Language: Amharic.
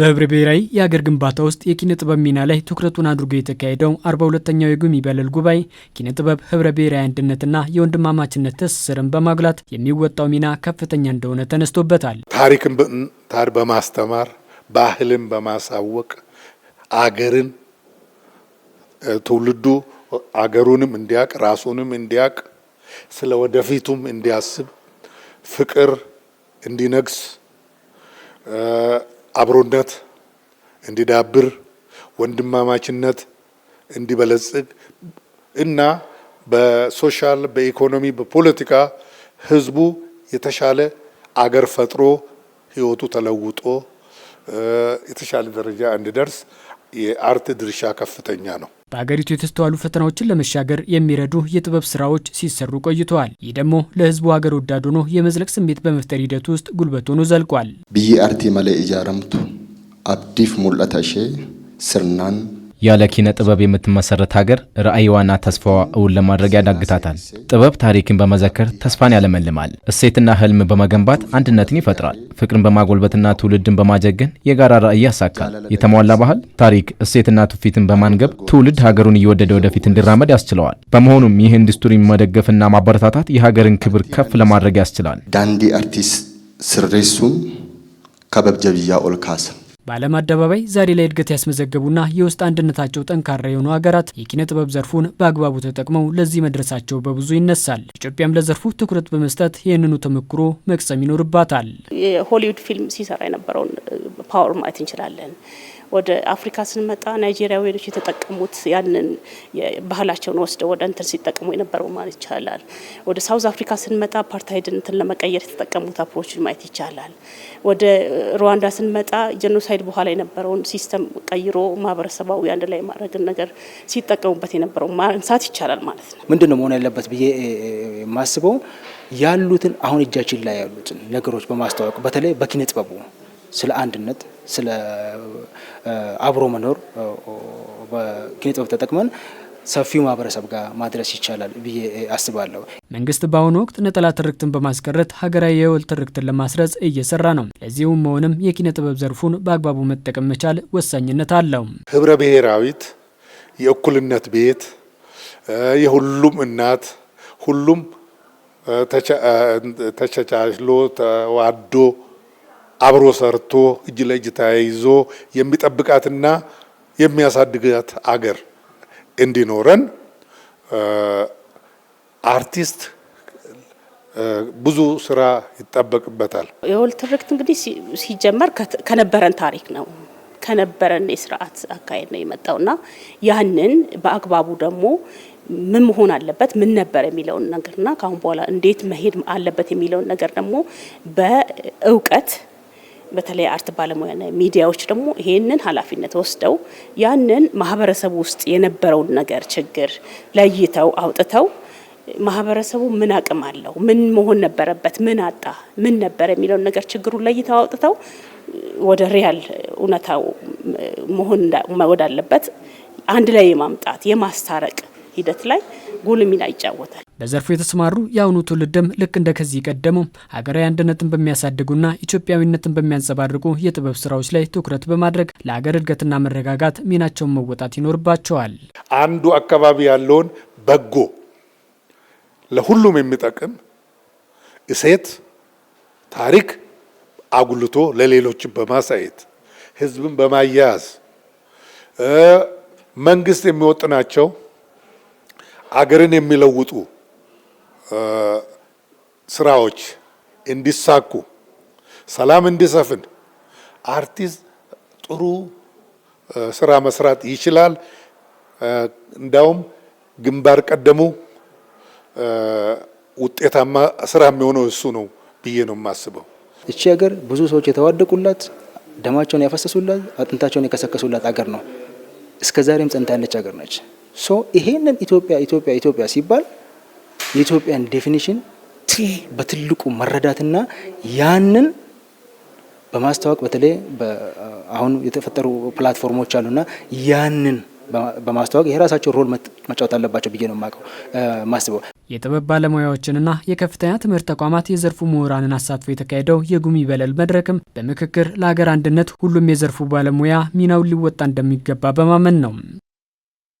በህብረ ብሔራዊ የሀገር ግንባታ ውስጥ የኪነ ጥበብ ሚና ላይ ትኩረቱን አድርጎ የተካሄደው አርባ ሁለተኛው የጉሚ በለል ጉባኤ ኪነ ጥበብ ህብረ ብሔራዊ አንድነትና የወንድማማችነት ትስስርን በማጉላት የሚወጣው ሚና ከፍተኛ እንደሆነ ተነስቶበታል። ታሪክን በማስተማር ባህልን በማሳወቅ አገርን ትውልዱ አገሩንም እንዲያቅ ራሱንም እንዲያቅ ስለ ወደፊቱም እንዲያስብ ፍቅር እንዲነግስ አብሮነት እንዲዳብር፣ ወንድማማችነት እንዲበለጽግ እና በሶሻል በኢኮኖሚ በፖለቲካ ህዝቡ የተሻለ አገር ፈጥሮ ህይወቱ ተለውጦ የተሻለ ደረጃ እንዲደርስ የአርት ድርሻ ከፍተኛ ነው። በአገሪቱ የተስተዋሉ ፈተናዎችን ለመሻገር የሚረዱ የጥበብ ስራዎች ሲሰሩ ቆይተዋል። ይህ ደግሞ ለህዝቡ ሀገር ወዳድ ሆኖ የመዝለቅ ስሜት በመፍጠር ሂደት ውስጥ ጉልበት ሆኖ ዘልቋል። ብይ አርቲ መለ ኢጃረምቱ አብዲፍ ሙልአታሼ ስርናን ያለ ኪነ ጥበብ የምትመሰረት ሀገር ራዕይዋና ተስፋዋ እውን ለማድረግ ያዳግታታል። ጥበብ ታሪክን በመዘከር ተስፋን ያለመልማል። እሴትና ህልም በመገንባት አንድነትን ይፈጥራል። ፍቅርን በማጎልበትና ትውልድን በማጀገን የጋራ ራዕይ ያሳካል። የተሟላ ባህል፣ ታሪክ፣ እሴትና ትውፊትን በማንገብ ትውልድ ሀገሩን እየወደደ ወደፊት እንዲራመድ ያስችለዋል። በመሆኑም ይህ ኢንዱስትሪ መደገፍና ማበረታታት የሀገርን ክብር ከፍ ለማድረግ ያስችላል። ዳንዲ አርቲስት ስሬሱም ከበብጀብያ ኦልካሳ በዓለም አደባባይ ዛሬ ላይ እድገት ያስመዘገቡና የውስጥ አንድነታቸው ጠንካራ የሆኑ ሀገራት የኪነ ጥበብ ዘርፉን በአግባቡ ተጠቅመው ለዚህ መድረሳቸው በብዙ ይነሳል። ኢትዮጵያም ለዘርፉ ትኩረት በመስጠት ይህንኑ ተሞክሮ መቅሰም ይኖርባታል። የሆሊውድ ፊልም ሲሰራ የነበረውን ፓወር ማየት እንችላለን። ወደ አፍሪካ ስንመጣ ናይጄሪያውያኖች የተጠቀሙት ያንን ባህላቸውን ወስደው ወደ እንትን ሲጠቀሙ የነበረው ማለት ይቻላል። ወደ ሳውዝ አፍሪካ ስንመጣ አፓርታይድን እንትን ለመቀየር የተጠቀሙት አፕሮችን ማየት ይቻላል። ወደ ሩዋንዳ ስንመጣ ጀኖሳይድ በኋላ የነበረውን ሲስተም ቀይሮ ማህበረሰባዊ አንድ ላይ ማድረግን ነገር ሲጠቀሙበት የነበረው ማንሳት ይቻላል ማለት ነው። ምንድን ነው መሆን ያለበት ብዬ ማስበው ያሉትን አሁን እጃችን ላይ ያሉትን ነገሮች በማስተዋወቅ በተለይ በኪነ ጥበቡ ስለ አንድነት፣ ስለ አብሮ መኖር በኪነጥበብ ተጠቅመን ሰፊው ማህበረሰብ ጋር ማድረስ ይቻላል ብዬ አስባለሁ። መንግስት በአሁኑ ወቅት ነጠላ ትርክትን በማስቀረት ሀገራዊ የወል ትርክትን ለማስረጽ እየሰራ ነው። ለዚሁም መሆንም የኪነ ጥበብ ዘርፉን በአግባቡ መጠቀም መቻል ወሳኝነት አለው። ህብረ ብሔራዊት፣ የእኩልነት ቤት፣ የሁሉም እናት፣ ሁሉም ተቻችሎ ተዋዶ አብሮ ሰርቶ እጅ ለእጅ ተያይዞ የሚጠብቃትና የሚያሳድጋት አገር እንዲኖረን አርቲስት ብዙ ስራ ይጠበቅበታል። የወል ትርክት እንግዲህ ሲጀመር ከነበረን ታሪክ ነው ከነበረን የስርዓት አካሄድ ነው የመጣውና ያንን በአግባቡ ደግሞ ምን መሆን አለበት ምን ነበር የሚለውን ነገርና ከአሁን በኋላ እንዴት መሄድ አለበት የሚለውን ነገር ደግሞ በእውቀት በተለይ አርት ባለሙያ ሚዲያዎች ደግሞ ይሄንን ኃላፊነት ወስደው ያንን ማህበረሰቡ ውስጥ የነበረውን ነገር ችግር ለይተው አውጥተው ማህበረሰቡ ምን አቅም አለው፣ ምን መሆን ነበረበት፣ ምን አጣ፣ ምን ነበር የሚለውን ነገር ችግሩን ለይተው አውጥተው ወደ ሪያል እውነታው መሆን ወዳለበት አንድ ላይ የማምጣት የማስታረቅ ሂደት ላይ ጉልህ ሚና ይጫወታል። በዘርፉ የተሰማሩ የአሁኑ ትውልድም ልክ እንደ ከዚህ ቀደመው ሀገራዊ አንድነትን በሚያሳድጉና ኢትዮጵያዊነትን በሚያንጸባርቁ የጥበብ ስራዎች ላይ ትኩረት በማድረግ ለሀገር እድገትና መረጋጋት ሚናቸውን መወጣት ይኖርባቸዋል። አንዱ አካባቢ ያለውን በጎ ለሁሉም የሚጠቅም እሴት፣ ታሪክ አጉልቶ ለሌሎችን በማሳየት ህዝብን በማያያዝ መንግስት የሚወጥናቸው አገርን የሚለውጡ ስራዎች እንዲሳኩ፣ ሰላም እንዲሰፍን አርቲስት ጥሩ ስራ መስራት ይችላል። እንዳውም ግንባር ቀደሙ ውጤታማ ስራ የሚሆነው እሱ ነው ብዬ ነው የማስበው። እቺ ሀገር ብዙ ሰዎች የተዋደቁላት፣ ደማቸውን ያፈሰሱላት፣ አጥንታቸውን የከሰከሱላት አገር ነው። እስከ ዛሬም ጸንታ ያለች ሀገር ነች። ሶ ይሄንን ኢትዮጵያ ኢትዮጵያ ኢትዮጵያ ሲባል የኢትዮጵያን ዴፊኒሽን በትልቁ መረዳትና ያንን በማስተዋወቅ በተለይ አሁን የተፈጠሩ ፕላትፎርሞች አሉና ያንን በማስተዋወቅ የራሳቸው ሮል መጫወት አለባቸው ብዬ ነው የማውቀው ማስበው። የጥበብ ባለሙያዎችንና የከፍተኛ ትምህርት ተቋማት የዘርፉ ምሁራንን አሳትፎ የተካሄደው የጉሚ በለል መድረክም በምክክር ለሀገር አንድነት ሁሉም የዘርፉ ባለሙያ ሚናውን ሊወጣ እንደሚገባ በማመን ነው።